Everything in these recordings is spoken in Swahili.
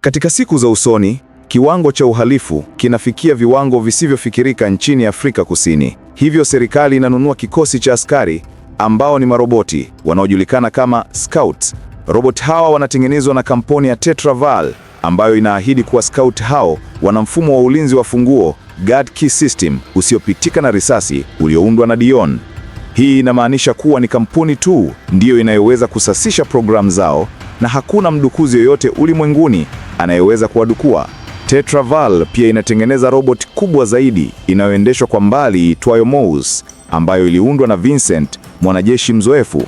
Katika siku za usoni, kiwango cha uhalifu kinafikia viwango visivyofikirika nchini Afrika Kusini. Hivyo serikali inanunua kikosi cha askari ambao ni maroboti wanaojulikana kama Scouts. Robot hawa wanatengenezwa na kampuni ya Tetraval ambayo inaahidi kuwa Scout hao wana mfumo wa ulinzi wa funguo guard key system usiopitika na risasi ulioundwa na Dion. Hii inamaanisha kuwa ni kampuni tu ndiyo inayoweza kusasisha programu zao na hakuna mdukuzi yoyote ulimwenguni anayeweza kuwadukua. Tetraval pia inatengeneza robot kubwa zaidi inayoendeshwa kwa mbali itwayo Mous, ambayo iliundwa na Vincent, mwanajeshi mzoefu.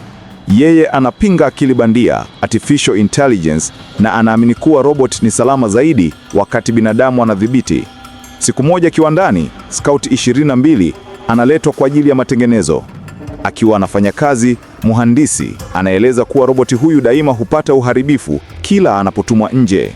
Yeye anapinga akili bandia, artificial intelligence, na anaamini kuwa robot ni salama zaidi wakati binadamu anadhibiti. Siku moja kiwandani, Scout 22 analetwa kwa ajili ya matengenezo. Akiwa anafanya kazi, mhandisi anaeleza kuwa roboti huyu daima hupata uharibifu kila anapotumwa nje.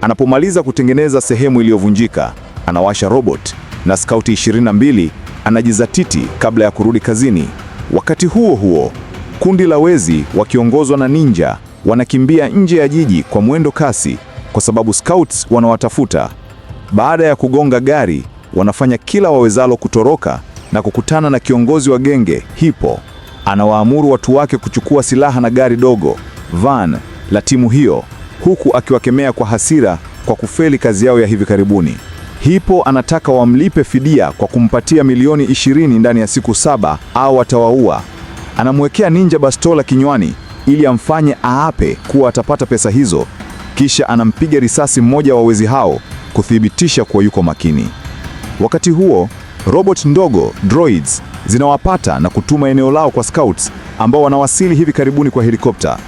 Anapomaliza kutengeneza sehemu iliyovunjika, anawasha robot na skauti 22 anajizatiti kabla ya kurudi kazini. Wakati huo huo, kundi la wezi wakiongozwa na ninja wanakimbia nje ya jiji kwa mwendo kasi kwa sababu scouts wanawatafuta. Baada ya kugonga gari, wanafanya kila wawezalo kutoroka na kukutana na kiongozi wa genge Hippo. Anawaamuru watu wake kuchukua silaha na gari dogo van la timu hiyo, huku akiwakemea kwa hasira kwa kufeli kazi yao ya hivi karibuni. Hippo anataka wamlipe fidia kwa kumpatia milioni ishirini ndani ya siku saba au atawaua. Anamwekea Ninja bastola kinywani ili amfanye aape kuwa atapata pesa hizo, kisha anampiga risasi mmoja wa wezi hao kuthibitisha kuwa yuko makini. Wakati huo Robot ndogo droids zinawapata na kutuma eneo lao kwa scouts ambao wanawasili hivi karibuni kwa helikopta.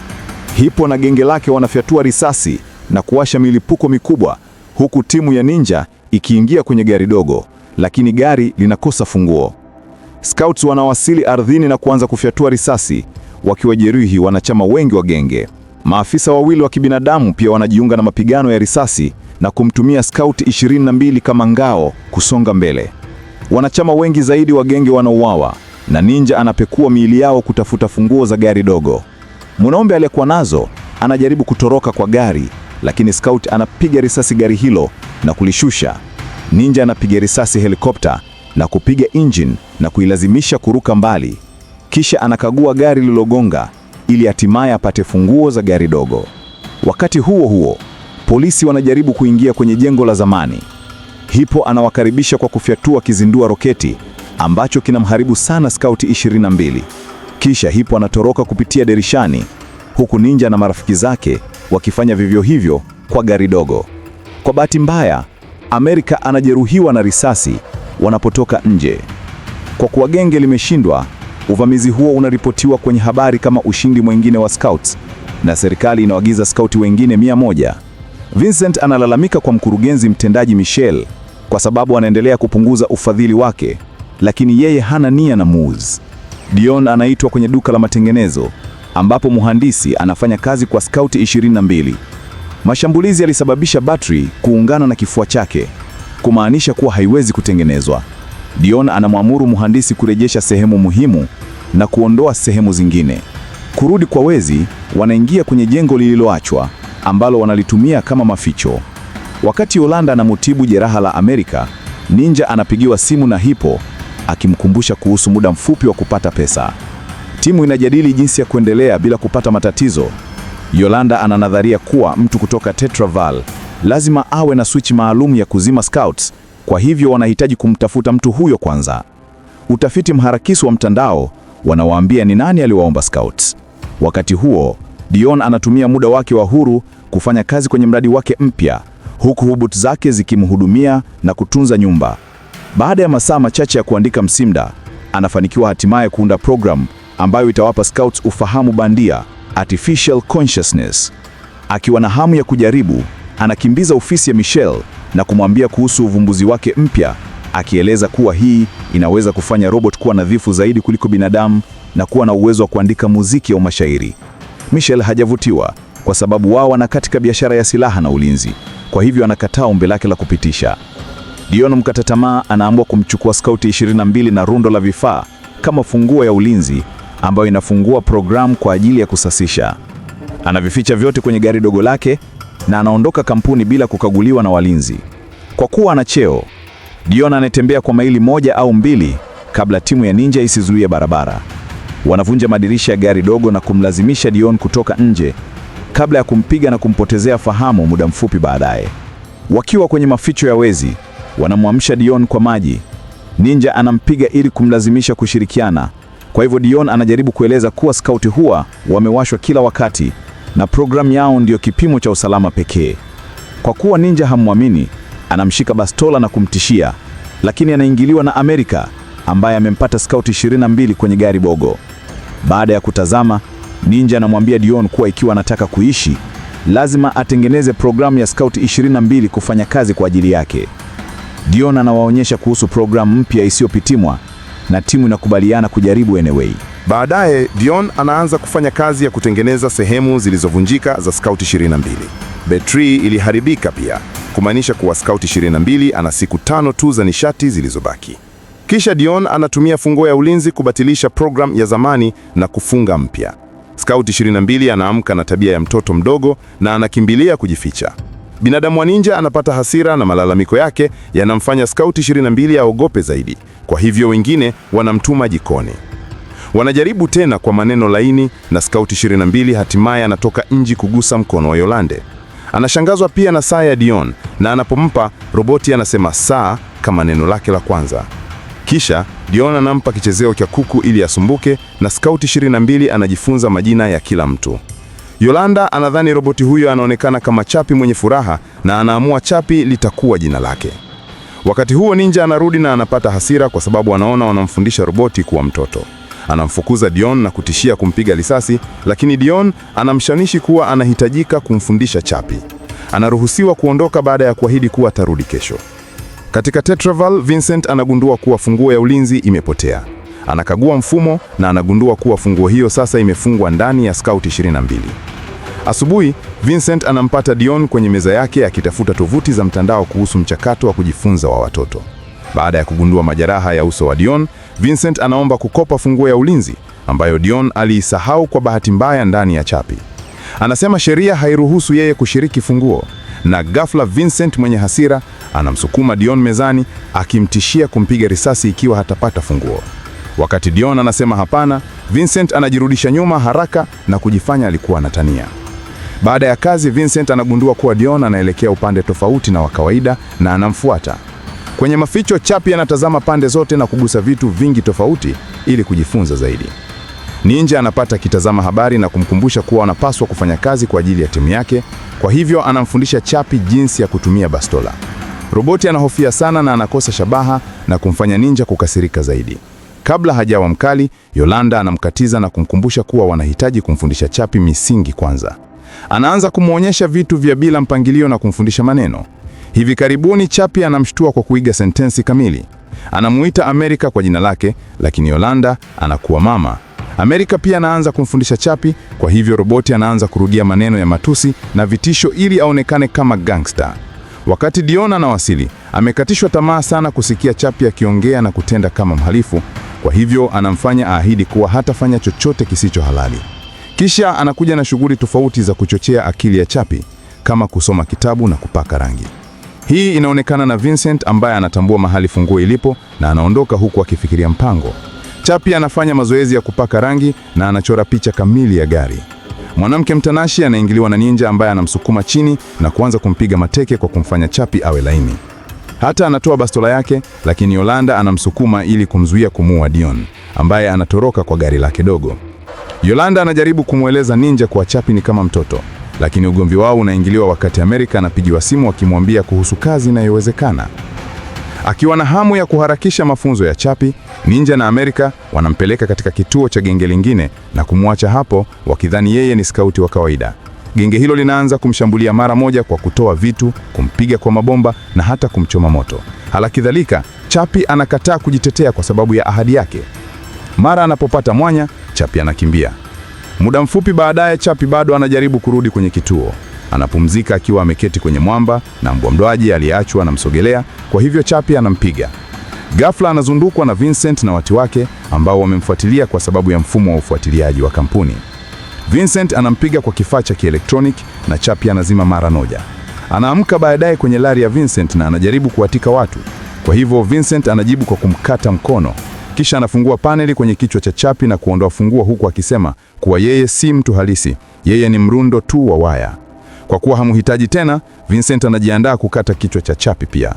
Hippo na genge lake wanafyatua risasi na kuwasha milipuko mikubwa huku timu ya ninja ikiingia kwenye gari dogo, lakini gari linakosa funguo. Scouts wanawasili ardhini na kuanza kufyatua risasi wakiwajeruhi wanachama wengi wa genge. Maafisa wawili wa kibinadamu pia wanajiunga na mapigano ya risasi na kumtumia scout 22 kama ngao kusonga mbele. Wanachama wengi zaidi wa genge wanauawa na Ninja anapekua miili yao kutafuta funguo za gari dogo. Mwanaume aliyekuwa nazo anajaribu kutoroka kwa gari, lakini Scout anapiga risasi gari hilo na kulishusha. Ninja anapiga risasi helikopta na kupiga engine na kuilazimisha kuruka mbali, kisha anakagua gari lililogonga ili hatimaye apate funguo za gari dogo. Wakati huo huo, polisi wanajaribu kuingia kwenye jengo la zamani hipo anawakaribisha kwa kufyatua kizindua roketi ambacho kinamharibu sana Scout 22. Kisha hipo anatoroka kupitia dirishani huku Ninja na marafiki zake wakifanya vivyo hivyo kwa gari dogo. Kwa bahati mbaya, Amerika anajeruhiwa na risasi wanapotoka nje. Kwa kuwa genge limeshindwa, uvamizi huo unaripotiwa kwenye habari kama ushindi mwingine wa Scouts na serikali inaagiza Scout wengine mia moja. Vincent analalamika kwa mkurugenzi mtendaji Michelle kwa sababu anaendelea kupunguza ufadhili wake, lakini yeye hana nia na Muz. Dion anaitwa kwenye duka la matengenezo ambapo mhandisi anafanya kazi kwa skauti 22. Mashambulizi yalisababisha batri kuungana na kifua chake, kumaanisha kuwa haiwezi kutengenezwa. Dion anamwamuru mhandisi kurejesha sehemu muhimu na kuondoa sehemu zingine. Kurudi kwa wezi, wanaingia kwenye jengo lililoachwa ambalo wanalitumia kama maficho. Wakati Yolanda anamutibu jeraha la Amerika, Ninja anapigiwa simu na Hippo akimkumbusha kuhusu muda mfupi wa kupata pesa. Timu inajadili jinsi ya kuendelea bila kupata matatizo. Yolanda ananadharia kuwa mtu kutoka Tetraval lazima awe na switch maalum ya kuzima scouts, kwa hivyo wanahitaji kumtafuta mtu huyo kwanza. Utafiti mharakisu wa mtandao wanawaambia ni nani aliwaomba scouts. Wakati huo, Dion anatumia muda wake wa huru kufanya kazi kwenye mradi wake mpya huku hubut zake zikimhudumia na kutunza nyumba. Baada ya masaa machache ya kuandika msimda, anafanikiwa hatimaye kuunda programu ambayo itawapa scouts ufahamu bandia, artificial consciousness. Akiwa na hamu ya kujaribu, anakimbiza ofisi ya Michelle na kumwambia kuhusu uvumbuzi wake mpya, akieleza kuwa hii inaweza kufanya robot kuwa nadhifu zaidi kuliko binadamu na kuwa na uwezo wa kuandika muziki au mashairi. Michelle hajavutiwa kwa sababu wao wana katika biashara ya silaha na ulinzi. Kwa hivyo anakataa ombi lake la kupitisha. Dion mkata tamaa anaamua kumchukua skauti 22 na rundo la vifaa kama funguo ya ulinzi ambayo inafungua programu kwa ajili ya kusasisha. Anavificha vyote kwenye gari dogo lake na anaondoka kampuni bila kukaguliwa na walinzi. Kwa kuwa ana cheo, Dion anatembea kwa maili moja au mbili kabla timu ya ninja isizuie barabara. Wanavunja madirisha ya gari dogo na kumlazimisha Dion kutoka nje kabla ya kumpiga na kumpotezea fahamu muda mfupi baadaye. Wakiwa kwenye maficho ya wezi, wanamwamsha Dion kwa maji. Ninja anampiga ili kumlazimisha kushirikiana. Kwa hivyo Dion anajaribu kueleza kuwa skauti huwa wamewashwa kila wakati na programu yao ndiyo kipimo cha usalama pekee. Kwa kuwa Ninja hamwamini, anamshika bastola na kumtishia, lakini anaingiliwa na Amerika ambaye amempata skauti 22 kwenye gari bogo. Baada ya kutazama Ninja anamwambia Dion kuwa ikiwa anataka kuishi, lazima atengeneze programu ya Scout 22 kufanya kazi kwa ajili yake. Dion anawaonyesha kuhusu programu mpya isiyopitimwa na timu inakubaliana kujaribu anyway. Baadaye Dion anaanza kufanya kazi ya kutengeneza sehemu zilizovunjika za Scout 22. Betri iliharibika pia, kumaanisha kuwa Scout 22 ana siku tano tu za nishati zilizobaki. Kisha Dion anatumia funguo ya ulinzi kubatilisha programu ya zamani na kufunga mpya. Scout 22 anaamka na tabia ya mtoto mdogo na anakimbilia kujificha. Binadamu wa Ninja anapata hasira na malalamiko yake yanamfanya Scout 22 aogope zaidi. Kwa hivyo wengine wanamtuma jikoni. Wanajaribu tena kwa maneno laini na Scout 22 hatimaye anatoka nje kugusa mkono wa Yolande. Anashangazwa pia na saa ya Dion na anapompa roboti anasema saa kama neno lake la kwanza. Kisha Dion anampa kichezeo cha kuku ili asumbuke, na Scout 22 anajifunza majina ya kila mtu. Yolanda anadhani roboti huyo anaonekana kama Chapi mwenye furaha, na anaamua Chapi litakuwa jina lake. Wakati huo Ninja anarudi na anapata hasira kwa sababu anaona wanamfundisha roboti kuwa mtoto. Anamfukuza Dion na kutishia kumpiga risasi, lakini Dion anamshanishi kuwa anahitajika kumfundisha Chapi. Anaruhusiwa kuondoka baada ya kuahidi kuwa atarudi kesho. Katika Tetraval, Vincent anagundua kuwa funguo ya ulinzi imepotea. Anakagua mfumo na anagundua kuwa funguo hiyo sasa imefungwa ndani ya Scout 22. Asubuhi, Vincent anampata Dion kwenye meza yake akitafuta tovuti za mtandao kuhusu mchakato wa kujifunza wa watoto. Baada ya kugundua majeraha ya uso wa Dion, Vincent anaomba kukopa funguo ya ulinzi ambayo Dion aliisahau kwa bahati mbaya ndani ya chapi. Anasema sheria hairuhusu yeye kushiriki funguo na ghafla Vincent mwenye hasira anamsukuma Dion mezani akimtishia kumpiga risasi ikiwa hatapata funguo. Wakati Dion anasema hapana, Vincent anajirudisha nyuma haraka na kujifanya alikuwa anatania. Baada ya kazi, Vincent anagundua kuwa Dion anaelekea upande tofauti na wa kawaida na anamfuata. Kwenye maficho, Chapi anatazama pande zote na kugusa vitu vingi tofauti ili kujifunza zaidi. Ninja anapata kitazama habari na kumkumbusha kuwa anapaswa kufanya kazi kwa ajili ya timu yake kwa hivyo anamfundisha Chapi jinsi ya kutumia bastola. Roboti anahofia sana na anakosa shabaha na kumfanya Ninja kukasirika zaidi. Kabla hajawa mkali, Yolanda anamkatiza na kumkumbusha kuwa wanahitaji kumfundisha Chapi misingi kwanza. Anaanza kumwonyesha vitu vya bila mpangilio na kumfundisha maneno. Hivi karibuni Chapi anamshtua kwa kuiga sentensi kamili. Anamuita Amerika kwa jina lake, lakini Yolanda anakuwa mama. Amerika pia anaanza kumfundisha Chapi, kwa hivyo roboti anaanza kurudia maneno ya matusi na vitisho ili aonekane kama gangster. Wakati na anawasili, amekatishwa tamaa sana kusikia Chapi akiongea na kutenda kama mhalifu, kwa hivyo anamfanya aahidi kuwa hatafanya chochote kisicho halali. Kisha anakuja na shughuli tofauti za kuchochea akili ya Chapi kama kusoma kitabu na kupaka rangi. Hii inaonekana na Vincent ambaye anatambua mahali funguo ilipo na anaondoka huku akifikiria mpango. Chapi anafanya mazoezi ya kupaka rangi na anachora picha kamili ya gari. Mwanamke mtanashi anaingiliwa na ninja ambaye anamsukuma chini na kuanza kumpiga mateke kwa kumfanya Chapi awe laini. Hata anatoa bastola yake, lakini Yolanda anamsukuma ili kumzuia kumuua Dion ambaye anatoroka kwa gari lake dogo. Yolanda anajaribu kumweleza ninja kuwa Chapi ni kama mtoto, lakini ugomvi wao unaingiliwa wakati Amerika anapigiwa simu akimwambia kuhusu kazi inayowezekana. Akiwa na hamu ya kuharakisha mafunzo ya chapi Ninja na Amerika wanampeleka katika kituo cha genge lingine na kumwacha hapo, wakidhani yeye ni skauti wa kawaida. Genge hilo linaanza kumshambulia mara moja kwa kutoa vitu, kumpiga kwa mabomba na hata kumchoma moto. Halakidhalika, chapi anakataa kujitetea kwa sababu ya ahadi yake. Mara anapopata mwanya, chapi anakimbia. Muda mfupi baadaye, chapi bado anajaribu kurudi kwenye kituo. Anapumzika akiwa ameketi kwenye mwamba na mbwa mdwaji aliyeachwa anamsogelea, kwa hivyo Chapi anampiga. Ghafla anazundukwa na Vincent na watu wake ambao wamemfuatilia kwa sababu ya mfumo wa ufuatiliaji wa kampuni. Vincent anampiga kwa kifaa cha kielektroniki na Chapi anazima mara moja. Anaamka baadaye kwenye lari ya Vincent na anajaribu kuwatika watu. Kwa hivyo Vincent anajibu kwa kumkata mkono, kisha anafungua paneli kwenye kichwa cha Chapi na kuondoa funguo huku akisema kuwa yeye si mtu halisi, yeye ni mrundo tu wa waya. Kwa kuwa hamuhitaji tena, Vincent anajiandaa kukata kichwa cha Chapi pia.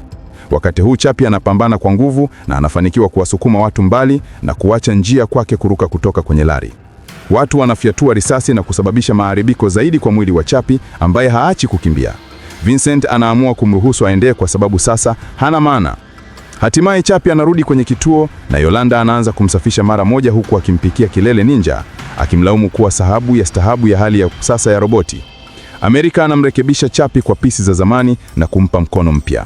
Wakati huu Chapi anapambana kwa nguvu na anafanikiwa kuwasukuma watu mbali na kuacha njia kwake kuruka kutoka kwenye lari. Watu wanafyatua risasi na kusababisha maharibiko zaidi kwa mwili wa Chapi ambaye haachi kukimbia. Vincent anaamua kumruhusu aendee kwa sababu sasa hana maana. Hatimaye Chapi anarudi kwenye kituo na Yolanda anaanza kumsafisha mara moja huku akimpikia kilele Ninja, akimlaumu kuwa sahabu ya stahabu ya hali ya sasa ya roboti. Amerika anamrekebisha Chapi kwa pisi za zamani na kumpa mkono mpya.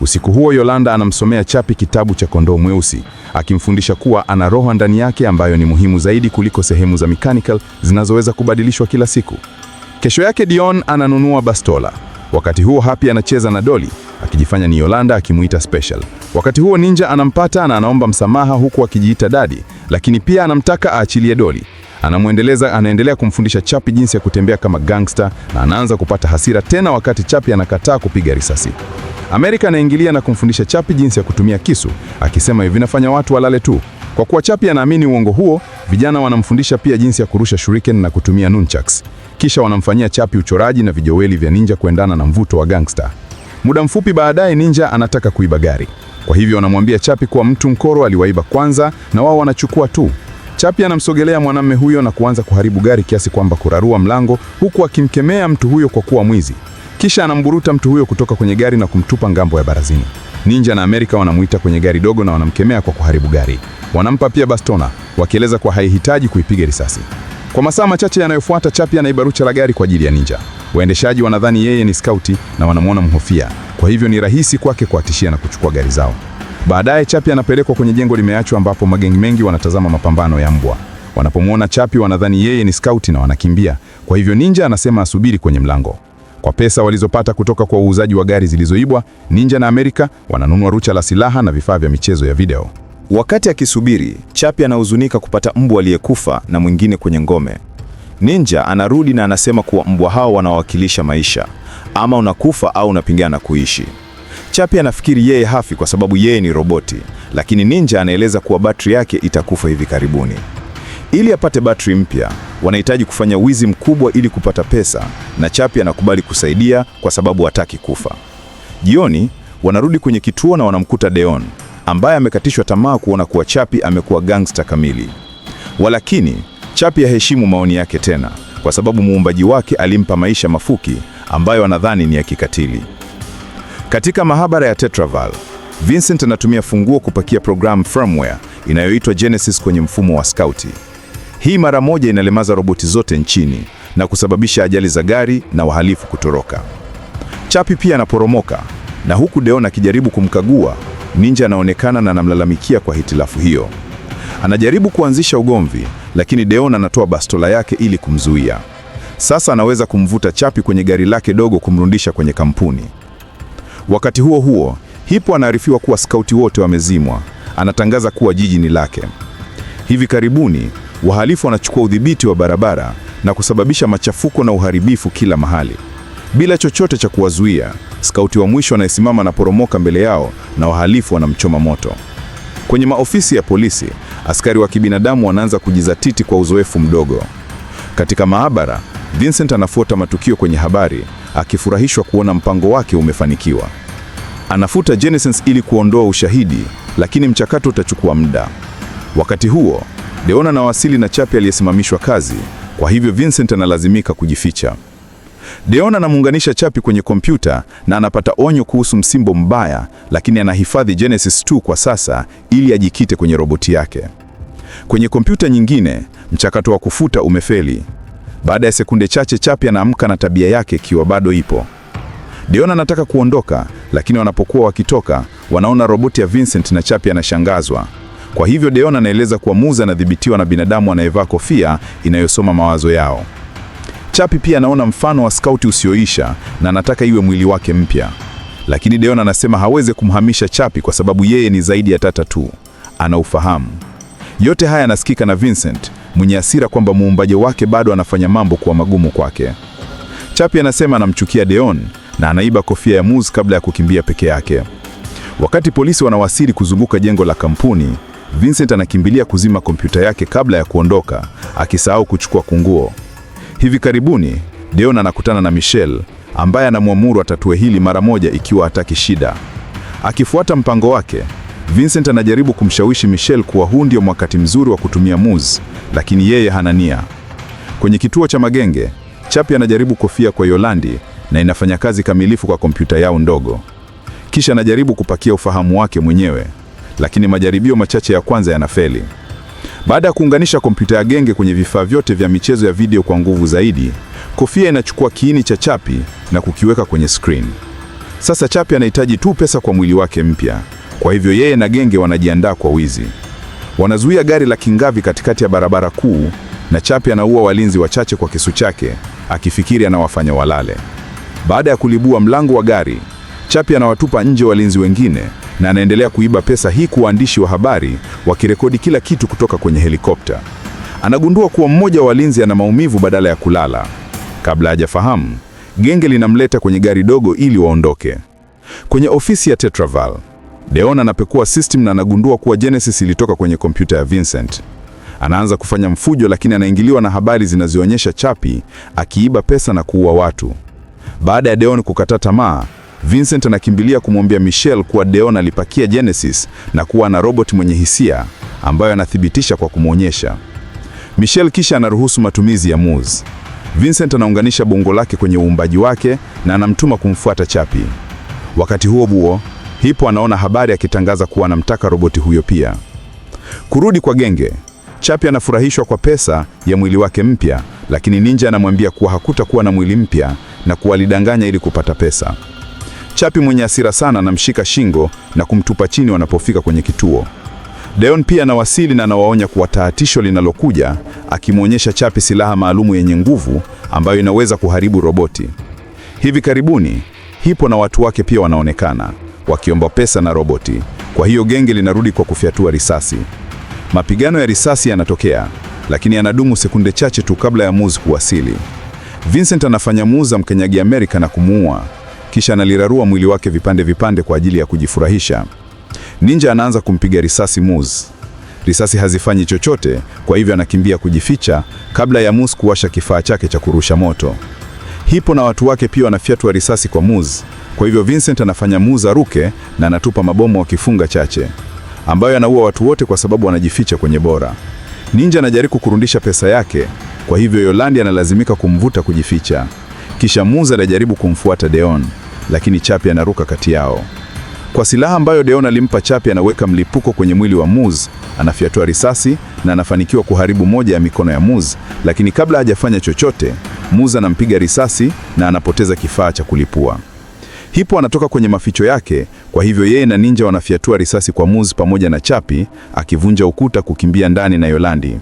Usiku huo Yolanda anamsomea Chapi kitabu cha Kondoo Mweusi, akimfundisha kuwa ana roho ndani yake ambayo ni muhimu zaidi kuliko sehemu za mechanical zinazoweza kubadilishwa kila siku. Kesho yake Dion ananunua bastola. Wakati huo Happy anacheza na Dolly akijifanya ni Yolanda akimuita special. Wakati huo Ninja anampata na anaomba msamaha huku akijiita dadi, lakini pia anamtaka aachilie Dolly. Anamwendeleza, anaendelea kumfundisha Chapi jinsi ya kutembea kama gangster na anaanza kupata hasira tena wakati Chapi anakataa kupiga risasi. Amerika anaingilia na kumfundisha Chapi jinsi ya kutumia kisu, akisema hivi vinafanya watu walale tu. Kwa kuwa Chapi anaamini uongo huo, vijana wanamfundisha pia jinsi ya kurusha shuriken na kutumia nunchucks. Kisha wanamfanyia Chapi uchoraji na vijoweli vya ninja kuendana na mvuto wa gangster. Muda mfupi baadaye, ninja anataka kuiba gari, kwa hivyo wanamwambia Chapi kuwa mtu mkoro aliwaiba kwanza na wao wanachukua tu. Chapi anamsogelea mwanamme huyo na kuanza kuharibu gari kiasi kwamba kurarua mlango, huku akimkemea mtu huyo kwa kuwa mwizi. Kisha anamburuta mtu huyo kutoka kwenye gari na kumtupa ngambo ya barazini. Ninja na Amerika wanamuita kwenye gari dogo na wanamkemea kwa kuharibu gari. Wanampa pia bastona, wakieleza kuwa haihitaji kuipiga risasi. Kwa masaa machache yanayofuata, Chapi anaibarucha la gari kwa ajili ya Ninja. Waendeshaji wanadhani yeye ni skauti na wanamwona mhofia, kwa hivyo ni rahisi kwake kuwatishia na kuchukua gari zao. Baadaye Chapi anapelekwa kwenye jengo limeachwa ambapo magengi mengi wanatazama mapambano ya mbwa. Wanapomwona Chapi wanadhani yeye ni skauti na wanakimbia. Kwa hivyo Ninja anasema asubiri kwenye mlango. Kwa pesa walizopata kutoka kwa uuzaji wa gari zilizoibwa, Ninja na Amerika wananunua rucha la silaha na vifaa vya michezo ya video. Wakati akisubiri, Chapi anahuzunika kupata mbwa aliyekufa na mwingine kwenye ngome. Ninja anarudi na anasema kuwa mbwa hao wanawakilisha maisha, ama unakufa au unapingana kuishi. Chapi anafikiri yeye hafi kwa sababu yeye ni roboti, lakini Ninja anaeleza kuwa batri yake itakufa hivi karibuni. Ili apate batri mpya, wanahitaji kufanya wizi mkubwa ili kupata pesa, na Chapi anakubali kusaidia kwa sababu hataki kufa. Jioni wanarudi kwenye kituo na wanamkuta Deon ambaye amekatishwa tamaa kuona kuwa Chapi amekuwa gangster kamili. Walakini Chapi haheshimu maoni yake tena, kwa sababu muumbaji wake alimpa maisha mafuki ambayo anadhani ni ya kikatili. Katika mahabara ya Tetraval, Vincent anatumia funguo kupakia programu firmware inayoitwa Genesis kwenye mfumo wa Skauti. Hii mara moja inalemaza roboti zote nchini na kusababisha ajali za gari na wahalifu kutoroka. Chapi pia anaporomoka na huku Deon akijaribu kumkagua, Ninja anaonekana na anamlalamikia kwa hitilafu hiyo. Anajaribu kuanzisha ugomvi, lakini Deon anatoa bastola yake ili kumzuia. Sasa anaweza kumvuta Chapi kwenye gari lake dogo kumrundisha kwenye kampuni. Wakati huo huo, Hipo anaarifiwa kuwa skauti wote wamezimwa. Anatangaza kuwa jiji ni lake. Hivi karibuni, wahalifu wanachukua udhibiti wa barabara na kusababisha machafuko na uharibifu kila mahali bila chochote cha kuwazuia. Skauti wa mwisho anayesimama anaporomoka mbele yao na wahalifu wanamchoma moto. Kwenye maofisi ya polisi, askari wa kibinadamu wanaanza kujizatiti kwa uzoefu mdogo. Katika maabara, Vincent anafuata matukio kwenye habari, akifurahishwa kuona mpango wake umefanikiwa. Anafuta Genesis ili kuondoa ushahidi, lakini mchakato utachukua muda. Wakati huo, Deona anawasili na Chapi aliyesimamishwa kazi, kwa hivyo Vincent analazimika kujificha. Deona anamuunganisha Chapi kwenye kompyuta na anapata onyo kuhusu msimbo mbaya, lakini anahifadhi Genesis 2 kwa sasa ili ajikite kwenye roboti yake. Kwenye kompyuta nyingine, mchakato wa kufuta umefeli. Baada ya sekunde chache, Chapi anaamka na tabia yake ikiwa bado ipo. Deon anataka kuondoka, lakini wanapokuwa wakitoka wanaona roboti ya Vincent na Chapi anashangazwa. Kwa hivyo Deon anaeleza kuwa Musa anadhibitiwa na binadamu anayevaa kofia inayosoma mawazo yao. Chapi pia anaona mfano wa skauti usioisha na anataka iwe mwili wake mpya, lakini Deon anasema hawezi kumhamisha Chapi kwa sababu yeye ni zaidi ya tata tu, anaufahamu. Yote haya anasikika na Vincent mwenye hasira kwamba muumbaji wake bado anafanya mambo kuwa magumu kwake. Chapi anasema anamchukia Deon na anaiba kofia ya muz kabla ya kukimbia peke yake. Wakati polisi wanawasili kuzunguka jengo la kampuni, Vincent anakimbilia kuzima kompyuta yake kabla ya kuondoka, akisahau kuchukua kunguo. Hivi karibuni, Deon anakutana na Michelle ambaye anamwamuru atatue hili mara moja ikiwa hataki shida. Akifuata mpango wake, Vincent anajaribu kumshawishi Michelle kuwa huu ndio wakati mzuri wa kutumia muz lakini yeye hana nia. Kwenye kituo cha magenge, Chapi anajaribu kofia kwa Yolandi na inafanya kazi kamilifu kwa kompyuta yao ndogo. Kisha anajaribu kupakia ufahamu wake mwenyewe, lakini majaribio machache ya kwanza yanafeli. Baada ya kuunganisha kompyuta ya genge kwenye vifaa vyote vya michezo ya video kwa nguvu zaidi, kofia inachukua kiini cha Chapi na kukiweka kwenye screen. Sasa Chapi anahitaji tu pesa kwa mwili wake mpya. Kwa hivyo yeye na genge wanajiandaa kwa wizi. Wanazuia gari la Kingavi katikati ya barabara kuu, na Chapi anaua walinzi wachache kwa kisu chake, akifikiri anawafanya walale. Baada ya kulibua mlango wa gari, Chapi anawatupa nje walinzi wengine na anaendelea kuiba pesa hii kwa waandishi wa habari wakirekodi kila kitu kutoka kwenye helikopta. Anagundua kuwa mmoja wa walinzi ana maumivu badala ya kulala. Kabla hajafahamu, genge linamleta kwenye gari dogo ili waondoke. Kwenye ofisi ya Tetraval, Deon anapekua system na anagundua kuwa Genesis ilitoka kwenye kompyuta ya Vincent. Anaanza kufanya mfujo, lakini anaingiliwa na habari zinazoonyesha Chapi akiiba pesa na kuua watu. Baada ya Deon kukata tamaa, Vincent anakimbilia kumwambia Michelle kuwa Deon alipakia Genesis na kuwa ana robot mwenye hisia ambayo anathibitisha kwa kumwonyesha. Michelle kisha anaruhusu matumizi ya Muz. Vincent anaunganisha bongo lake kwenye uumbaji wake na anamtuma kumfuata Chapi. Wakati huo huo, Hipo anaona habari akitangaza kuwa anamtaka roboti huyo pia. Kurudi kwa genge, Chapi anafurahishwa kwa pesa ya mwili wake mpya lakini Ninja anamwambia kuwa hakutakuwa na mwili mpya na kuwalidanganya ili kupata pesa. Chapi mwenye hasira sana anamshika shingo na kumtupa chini wanapofika kwenye kituo. Deon pia anawasili na anawaonya kuwa taatisho linalokuja, akimwonyesha Chapi silaha maalumu yenye nguvu ambayo inaweza kuharibu roboti. Hivi karibuni Hipo na watu wake pia wanaonekana wakiomba pesa na roboti, kwa hiyo genge linarudi kwa kufyatua risasi. Mapigano ya risasi yanatokea lakini anadumu sekunde chache tu kabla ya Muz kuwasili. Vincent anafanya muza amkanyagi Amerika na kumuua, kisha analirarua mwili wake vipande vipande kwa ajili ya kujifurahisha. Ninja anaanza kumpiga risasi Muz. Risasi hazifanyi chochote, kwa hivyo anakimbia kujificha kabla ya Muz kuwasha kifaa chake cha kurusha moto. Hipo na watu wake pia wanafyatua risasi kwa Muz, kwa hivyo Vincent anafanya Muz aruke na anatupa mabomu wa kifunga chache ambayo anaua watu wote kwa sababu wanajificha kwenye bora. Ninja anajaribu kurundisha pesa yake, kwa hivyo Yolandi analazimika kumvuta kujificha. Kisha Muza anajaribu kumfuata Deon, lakini Chapi anaruka kati yao. Kwa silaha ambayo Deon alimpa Chapi, anaweka mlipuko kwenye mwili wa Muz, anafyatua risasi na anafanikiwa kuharibu moja ya mikono ya Muz, lakini kabla hajafanya chochote, Muz anampiga risasi na anapoteza kifaa cha kulipua. Hipo anatoka kwenye maficho yake, kwa hivyo yeye na Ninja wanafyatua risasi kwa Muz pamoja na Chapi, akivunja ukuta kukimbia ndani na Yolandi.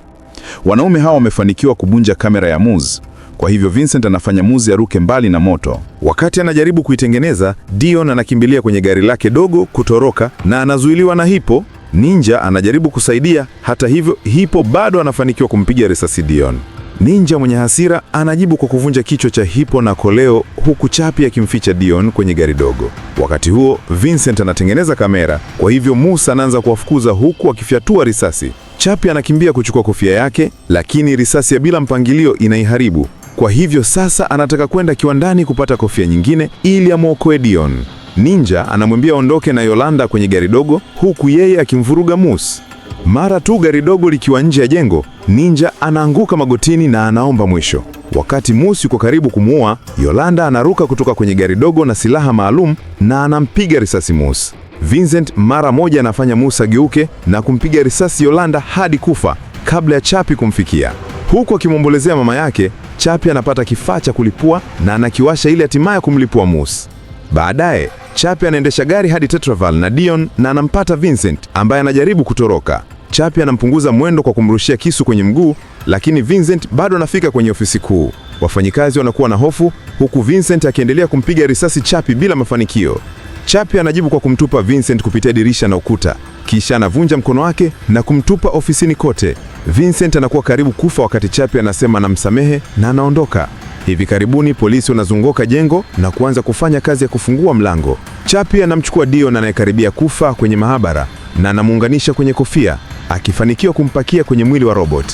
Wanaume hawa wamefanikiwa kubunja kamera ya Muz, kwa hivyo Vincent anafanya Muz aruke mbali na moto. Wakati anajaribu kuitengeneza, Dion anakimbilia kwenye gari lake dogo kutoroka na anazuiliwa na Hipo. Ninja anajaribu kusaidia, hata hivyo Hipo bado anafanikiwa kumpiga risasi Dion. Ninja mwenye hasira anajibu kwa kuvunja kichwa cha Hippo na koleo, huku chapi akimficha Dion kwenye gari dogo. Wakati huo Vincent anatengeneza kamera, kwa hivyo Musa anaanza kuwafukuza huku akifyatua risasi. chapi anakimbia kuchukua kofia yake, lakini risasi ya bila mpangilio inaiharibu. Kwa hivyo sasa anataka kwenda kiwandani kupata kofia nyingine ili amwokoe Dion. Ninja anamwambia ondoke na Yolanda kwenye gari dogo, huku yeye akimvuruga Mus. Mara tu gari dogo likiwa nje ya jengo, Ninja anaanguka magotini na anaomba mwisho. Wakati Moose yuko karibu kumuua, Yolanda anaruka kutoka kwenye gari dogo na silaha maalum na anampiga risasi Moose. Vincent mara moja anafanya Moose ageuke na kumpiga risasi Yolanda hadi kufa kabla ya Chapi kumfikia. Huku akimwombolezea mama yake, Chapi anapata kifaa cha kulipua na anakiwasha ili hatimaye kumlipua Moose. Baadaye, Chapi anaendesha gari hadi Tetraval na Dion na anampata Vincent ambaye anajaribu kutoroka. Chapi anampunguza mwendo kwa kumrushia kisu kwenye mguu, lakini Vincent bado anafika kwenye ofisi kuu. Wafanyikazi wanakuwa na hofu, huku Vincent akiendelea kumpiga risasi Chapi bila mafanikio. Chapi anajibu kwa kumtupa Vincent kupitia dirisha na ukuta, kisha anavunja mkono wake na kumtupa ofisini kote. Vincent anakuwa karibu kufa wakati Chapi anasema anamsamehe na anaondoka. Hivi karibuni polisi wanazunguka jengo na kuanza kufanya kazi ya kufungua mlango. Chapi anamchukua Dion anayekaribia kufa kwenye maabara na anamuunganisha kwenye kofia. Akifanikiwa kumpakia kwenye mwili wa robot,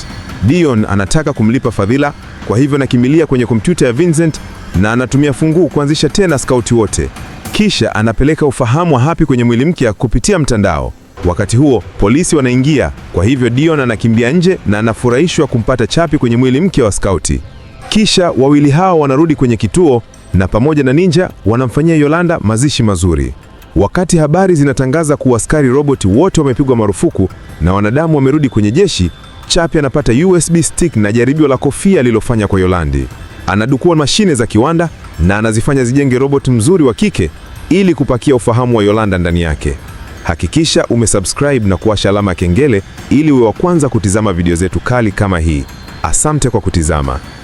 Dion anataka kumlipa fadhila, kwa hivyo anakimilia kwenye kompyuta ya Vincent na anatumia funguo kuanzisha tena skauti wote. Kisha anapeleka ufahamu wa Happy kwenye mwili mpya kupitia mtandao. Wakati huo polisi wanaingia, kwa hivyo Dion anakimbia nje na anafurahishwa kumpata Chapi kwenye mwili mpya wa skauti. Kisha wawili hao wanarudi kwenye kituo na pamoja na Ninja wanamfanyia Yolanda mazishi mazuri. Wakati habari zinatangaza kuwa askari roboti wote wamepigwa marufuku na wanadamu wamerudi kwenye jeshi, Chapi anapata USB stick na jaribio la kofia alilofanya kwa Yolandi. Anadukua mashine za kiwanda na anazifanya zijenge roboti mzuri wa kike ili kupakia ufahamu wa Yolanda ndani yake. Hakikisha umesubscribe na kuwasha alama ya kengele ili uwe wa kwanza kutizama video zetu kali kama hii. Asante kwa kutizama.